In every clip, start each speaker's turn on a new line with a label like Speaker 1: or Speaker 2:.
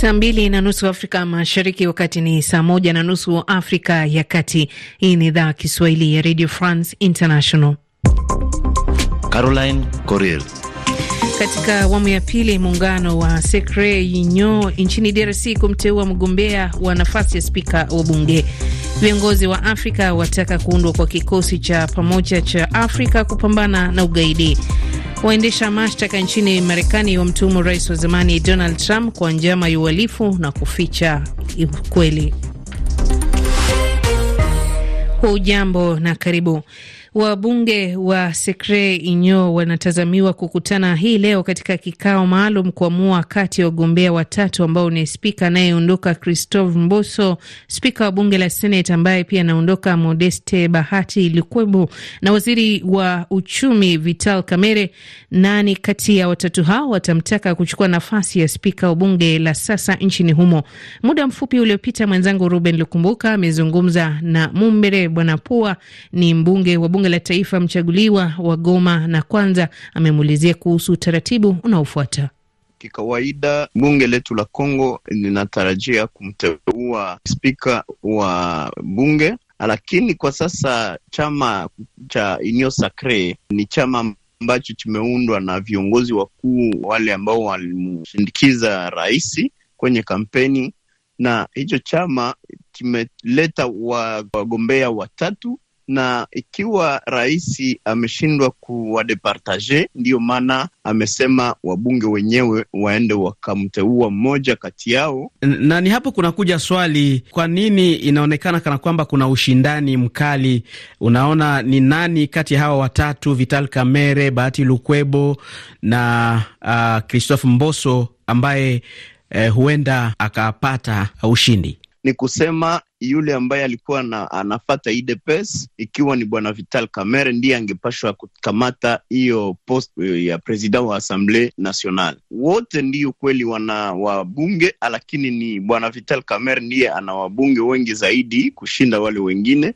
Speaker 1: Saa mbili na nusu Afrika Mashariki, wakati ni saa moja na nusu Afrika ya Kati. Hii ni idhaa Kiswahili ya Radio France International.
Speaker 2: Caroline Coril
Speaker 1: katika awamu ya pili, muungano wa Sekre Yinyo nchini DRC kumteua mgombea wa nafasi ya spika wa bunge. Viongozi wa Afrika wataka kuundwa kwa kikosi cha pamoja cha Afrika kupambana na ugaidi. Waendesha mashtaka nchini Marekani wamtuhumu rais wa zamani Donald Trump kwa njama ya uhalifu na kuficha ukweli. Ujambo na karibu. Wabunge wa Sekre Inyo wanatazamiwa kukutana hii leo katika kikao maalum kuamua kati ya wagombea watatu ambao ni spika anayeondoka Christophe Mboso, spika wa bunge la Senate ambaye pia anaondoka Modeste Bahati Likwebu na waziri wa uchumi Vital Kamere. Nani kati ya watatu hao watamtaka kuchukua nafasi ya spika wa bunge la sasa nchini humo? Muda mfupi uliopita mwenzangu Ruben Lukumbuka amezungumza na Mumbere Bwana Pua, ni mbunge wa bunge bunge la taifa mchaguliwa wa Goma na kwanza amemuulizia kuhusu utaratibu unaofuata.
Speaker 2: Kikawaida bunge letu la Kongo linatarajia kumteua spika wa bunge, lakini kwa sasa chama cha Union Sacre ni chama ambacho kimeundwa na viongozi wakuu wale ambao walimshindikiza rais kwenye kampeni, na hicho chama kimeleta wagombea watatu na ikiwa rais ameshindwa kuwadepartage, ndiyo maana amesema wabunge wenyewe waende wakamteua mmoja kati yao. Na ni hapo kunakuja swali, kwa nini inaonekana kana kwamba kuna ushindani mkali? Unaona, ni nani kati ya hawa watatu, Vital Kamerhe, Bahati Lukwebo na uh, Christophe Mboso ambaye eh, huenda akapata ushindi? Ni kusema yule ambaye alikuwa na, anafata UDPS ikiwa ni bwana Vital Kamerhe ndiye angepashwa kukamata hiyo post eh, ya president wa Assemblee Nationale. Wote ndio kweli wana wabunge, lakini ni bwana Vital Kamerhe ndiye ana wabunge wengi zaidi kushinda wale wengine.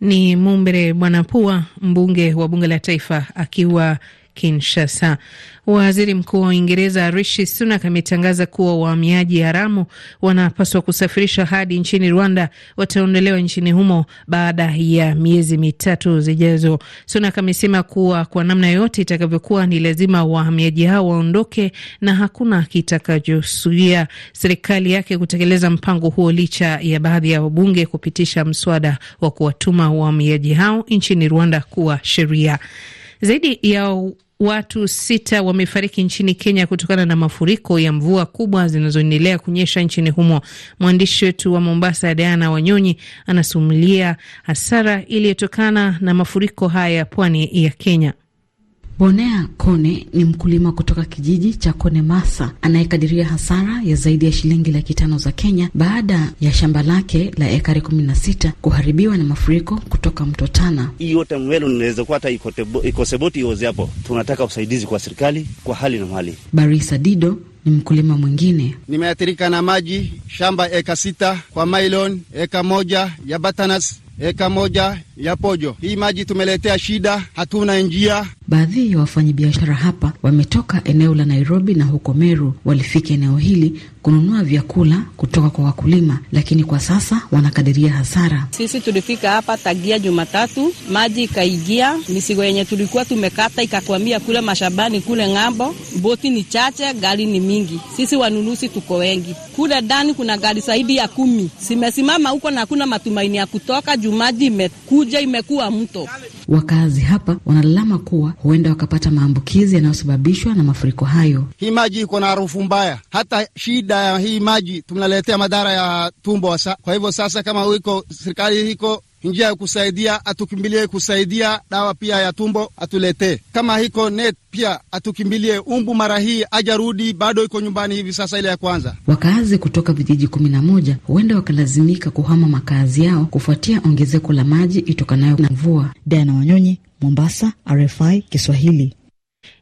Speaker 1: Ni Mumbere Bwana Pua, mbunge wa bunge la taifa akiwa Kinshasa. Waziri Mkuu wa Uingereza Rishi Sunak ametangaza kuwa wahamiaji haramu wanapaswa kusafirishwa hadi nchini Rwanda wataondolewa nchini humo baada ya miezi mitatu zijazo. Sunak amesema kuwa kwa namna yote itakavyokuwa, ni lazima wahamiaji hao waondoke na hakuna kitakachozuia serikali yake kutekeleza mpango huo, licha ya baadhi ya wabunge kupitisha mswada wa kuwatuma wahamiaji hao nchini Rwanda kuwa sheria. Zaidi ya Watu sita wamefariki nchini Kenya kutokana na mafuriko ya mvua kubwa zinazoendelea kunyesha nchini humo. Mwandishi wetu wa Mombasa, Diana Wanyonyi, anasumulia hasara iliyotokana na mafuriko haya ya pwani ya Kenya.
Speaker 3: Bonea Kone ni mkulima kutoka kijiji cha Kone Masa anayekadiria hasara ya zaidi ya shilingi laki tano za Kenya baada ya shamba lake la ekari kumi na sita kuharibiwa na mafuriko kutoka mto Tana.
Speaker 2: Hii yote mwelo inaweza kuwa hata seboti ioze hapo. Tunataka usaidizi kwa serikali kwa hali na mali.
Speaker 3: Barisa Dido ni mkulima mwingine.
Speaker 2: Nimeathirika na maji shamba eka sita kwa mailon eka moja ya batanas eka moja ya pojo. Hii maji tumeletea shida, hatuna njia.
Speaker 3: Baadhi ya wafanyabiashara hapa wametoka eneo la Nairobi na huko Meru walifika eneo hili kununua vyakula kutoka kwa wakulima, lakini kwa sasa wanakadiria hasara. Sisi tulifika hapa tagia Jumatatu, maji ikaingia, misigo yenye tulikuwa tumekata ikakwamia kule mashabani kule ng'ambo. Boti ni chache, gari ni mingi, sisi wanunuzi tuko wengi. Kule ndani kuna gari zaidi ya kumi zimesimama huko na hakuna matumaini ya kutoka juu maji imekuja Abuja imekuwa mto. Wakazi hapa wanalalama kuwa huenda wakapata maambukizi yanayosababishwa na mafuriko hayo.
Speaker 2: Hii maji iko na harufu mbaya, hata shida ya hii maji tunaletea madhara ya tumbo wasa. Kwa hivyo sasa, kama iko serikali iko njia ya kusaidia, atukimbilie kusaidia dawa pia ya tumbo atuletee. Kama hiko net pia atukimbilie umbu, mara hii ajarudi, bado iko nyumbani hivi sasa, ile ya kwanza.
Speaker 3: Wakazi kutoka vijiji kumi na moja huenda wakalazimika kuhama makazi yao kufuatia ongezeko la maji itokanayo na mvua. Diana Wanyonyi, Mombasa, RFI Kiswahili.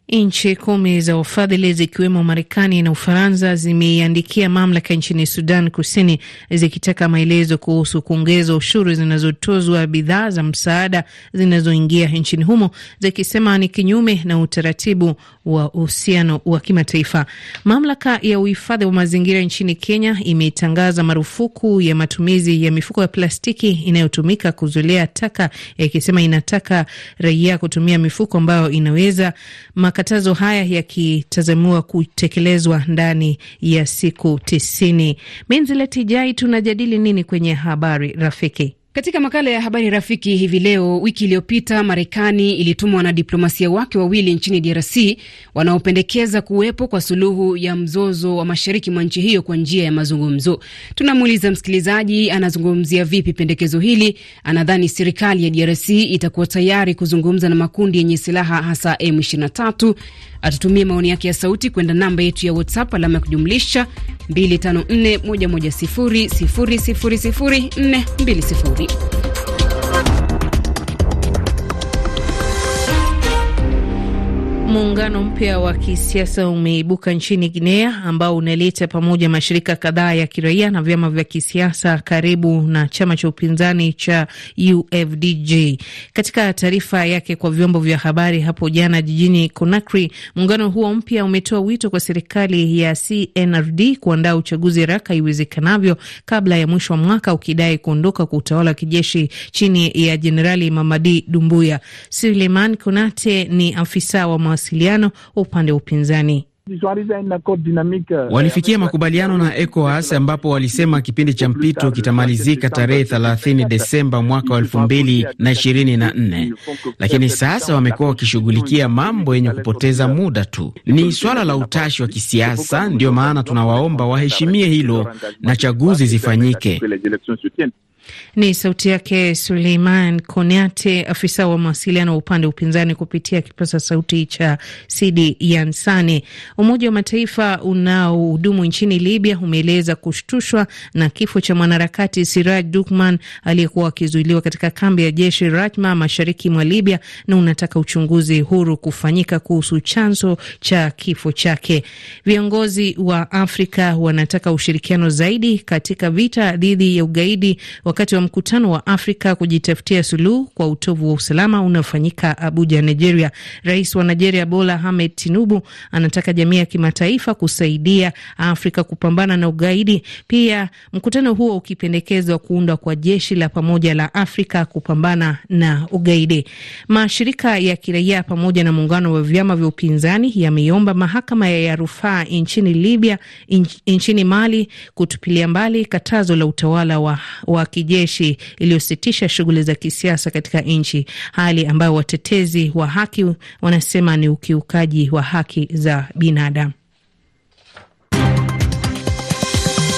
Speaker 1: Nchi kumi za ufadhili zikiwemo Marekani na Ufaransa zimeiandikia mamlaka nchini Sudan Kusini zikitaka maelezo kuhusu kuongeza ushuru zinazotozwa bidhaa za msaada zinazoingia nchini humo, zikisema ni kinyume na utaratibu wa uhusiano wa kimataifa. Mamlaka ya uhifadhi wa mazingira nchini Kenya imetangaza marufuku ya matumizi ya mifuko ya plastiki inayotumika kuzolea taka, ikisema inataka raia kutumia mifuko ambayo inaweza Makatazo haya yakitazamiwa kutekelezwa ndani ya siku tisini. Minzileti Jai, tunajadili nini kwenye habari rafiki?
Speaker 3: Katika makala ya habari rafiki hivi leo, wiki iliyopita Marekani ilituma wanadiplomasia wake wawili nchini DRC wanaopendekeza kuwepo kwa suluhu ya mzozo wa mashariki mwa nchi hiyo kwa njia ya mazungumzo. Tunamuuliza msikilizaji, anazungumzia vipi pendekezo hili? Anadhani serikali ya DRC itakuwa tayari kuzungumza na makundi yenye silaha hasa M23? Atatumia maoni yake ya sauti kwenda namba yetu ya WhatsApp alama ya kujumlisha
Speaker 1: 2541100000420. Muungano mpya wa kisiasa umeibuka nchini Guinea ambao unaleta pamoja mashirika kadhaa ya kiraia na vyama vya kisiasa karibu na chama cha upinzani cha UFDG. Katika taarifa yake kwa vyombo vya habari hapo jana jijini Conakry, muungano huo mpya umetoa wito kwa serikali ya CNRD kuandaa uchaguzi haraka iwezekanavyo kabla ya mwisho wa mwaka, ukidai kuondoka kwa utawala wa kijeshi chini ya Jenerali Mamadi Dumbuya. Suleiman Konate ni afisa wa mawasiliano wa upande wa upinzani. Walifikia
Speaker 2: makubaliano na ECOWAS ambapo walisema kipindi cha mpito kitamalizika tarehe 30 Desemba mwaka wa nne, lakini sasa wamekuwa wakishughulikia mambo yenye kupoteza muda tu. Ni swala la utashi wa kisiasa, ndiyo maana tunawaomba waheshimie hilo na chaguzi zifanyike.
Speaker 1: Ni sauti yake Suleiman Koniate, afisa wa mawasiliano wa upande wa upinzani, kupitia kipasa sauti cha Sidi Yansani. Umoja wa Mataifa unaohudumu nchini Libya umeeleza kushtushwa na kifo cha mwanaharakati Siraj Dukman aliyekuwa akizuiliwa katika kambi ya jeshi Rajma, mashariki mwa Libya, na unataka uchunguzi huru kufanyika kuhusu chanzo cha kifo chake. Viongozi wa Afrika wanataka ushirikiano zaidi katika vita dhidi ya ugaidi wakati wa mkutano wa Afrika kujitafutia suluhu kwa utovu wa usalama unaofanyika Abuja, Nigeria. Rais wa Nigeria Bola Ahmed Tinubu anataka jamii ya kimataifa kusaidia Afrika kupambana na ugaidi. Pia mkutano huo ukipendekezwa kuundwa kwa jeshi la pamoja la Afrika kupambana na ugaidi. Mashirika ya kiraia pamoja na muungano wa vyama vya upinzani yameomba mahakama ya rufaa nchini Libya, nchini Mali kutupilia mbali katazo la utawala wa, wa kijeshi nchi iliyositisha shughuli za kisiasa katika nchi, hali ambayo watetezi wa haki wanasema ni ukiukaji wa haki za binadamu.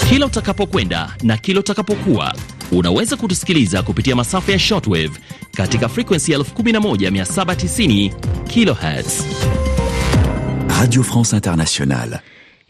Speaker 2: Kila utakapokwenda na kila utakapokuwa unaweza kutusikiliza kupitia masafa ya shortwave katika frekuensi 11790 kilohertz. Radio France Internationale.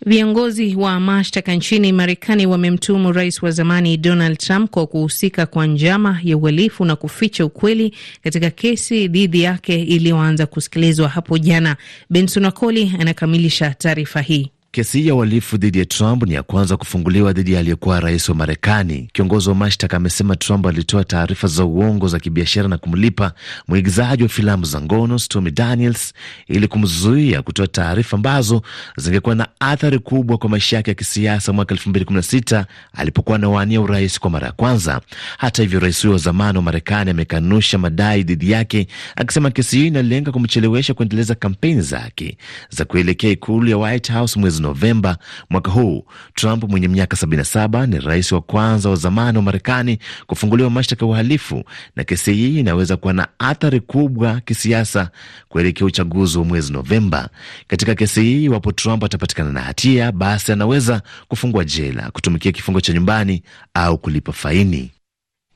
Speaker 1: Viongozi wa mashtaka nchini Marekani wamemtuhumu rais wa zamani Donald Trump kwa kuhusika kwa njama ya uhalifu na kuficha ukweli katika kesi dhidi yake iliyoanza kusikilizwa hapo jana. Benson Wakoli anakamilisha taarifa hii.
Speaker 2: Kesi ya uhalifu dhidi ya Trump ni ya kwanza kufunguliwa dhidi ya aliyekuwa rais wa Marekani. Kiongozi wa mashtaka amesema Trump alitoa taarifa za uongo za kibiashara na kumlipa mwigizaji wa filamu za ngono Stormy Daniels ili kumzuia kutoa taarifa ambazo zingekuwa na athari kubwa kwa maisha yake ya kisiasa mwaka 2016 alipokuwa anawania urais kwa mara ya kwanza. Hata hivyo, rais huyo wa zamani wa Marekani amekanusha madai dhidi yake, akisema kesi hiyo inalenga kumchelewesha kuendeleza kampeni zake za kuelekea ikulu ya White House mwezi mwezi Novemba mwaka huu. Trump mwenye miaka 77 ni rais wa kwanza wa zamani wa Marekani kufunguliwa mashtaka ya uhalifu, na kesi hii inaweza kuwa na athari kubwa kisiasa kuelekea uchaguzi wa mwezi Novemba. Katika kesi hii, iwapo Trump atapatikana na hatia, basi anaweza kufungwa jela, kutumikia kifungo cha nyumbani au kulipa faini.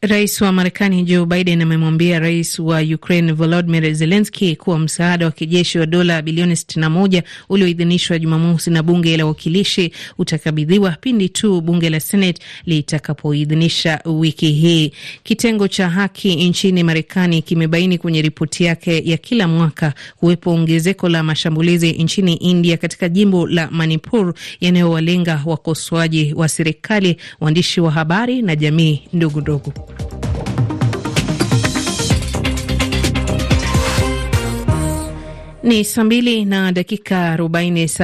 Speaker 1: Rais wa Marekani Joe Biden amemwambia rais wa Ukraine volodimir zelenski kuwa msaada wa kijeshi wa dola bilioni 61 ulioidhinishwa Jumamosi na bunge la wakilishi utakabidhiwa pindi tu bunge la Senate litakapoidhinisha wiki hii. Kitengo cha haki nchini Marekani kimebaini kwenye ripoti yake ya kila mwaka kuwepo ongezeko la mashambulizi nchini India katika jimbo la Manipur yanayowalenga wakosoaji wa serikali, waandishi wa habari na jamii ndogo ndogo. Ni saa mbili na dakika arobaini.